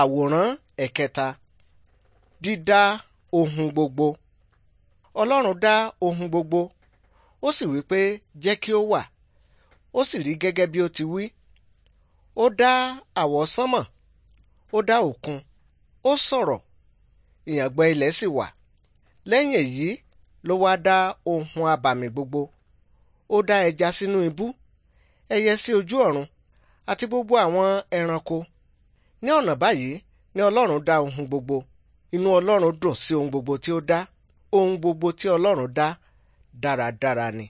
àwòrán ẹ̀kẹta dídá ohun gbogbo ọlọ́run dá ohun gbogbo ó sì wí pé jẹ́ kí ó wà ó sì rí gẹ́gẹ́ bí ó ti wí ó dá àwọsánmọ̀ ó dá òkun ó sọ̀rọ̀ ìyàngbẹ́ ilẹ̀ sì wà lẹ́yìn èyí ló wá dá ohun abàmì gbogbo ó dá ẹja sínú ibú ẹyẹ sí ojú ọ̀run àti gbogbo àwọn ẹranko ní ọ̀nà báyìí ni ọlọ́run dá ohun gbogbo inú ọlọ́run dùn sí ohun gbogbo tí ó dá ohun gbogbo tí ọlọ́run dá dáradára ni.